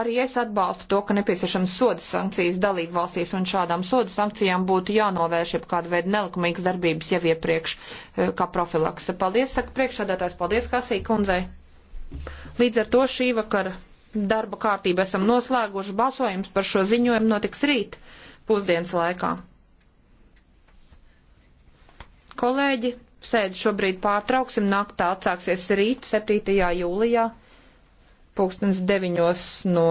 arī es atbalstu to, ka nepieciešams soda sankcijas dalību valstīs, un šādām soda sankcijām būtu jānovērš jau kāda veida nelikumīgas darbības jau iepriekš eh, kā profilakse. Paldies, saka priekšādātājs, paldies Kasī kundzei. Līdz ar to šī vakara darba kārtību esam noslēguši, balsojums par šo ziņojumu notiks rīt pusdienas laikā. Kolēģi, sēdi šobrīd pārtrauksim, naktā atsāksies rīt 7. jūlijā pulkstens deviņos no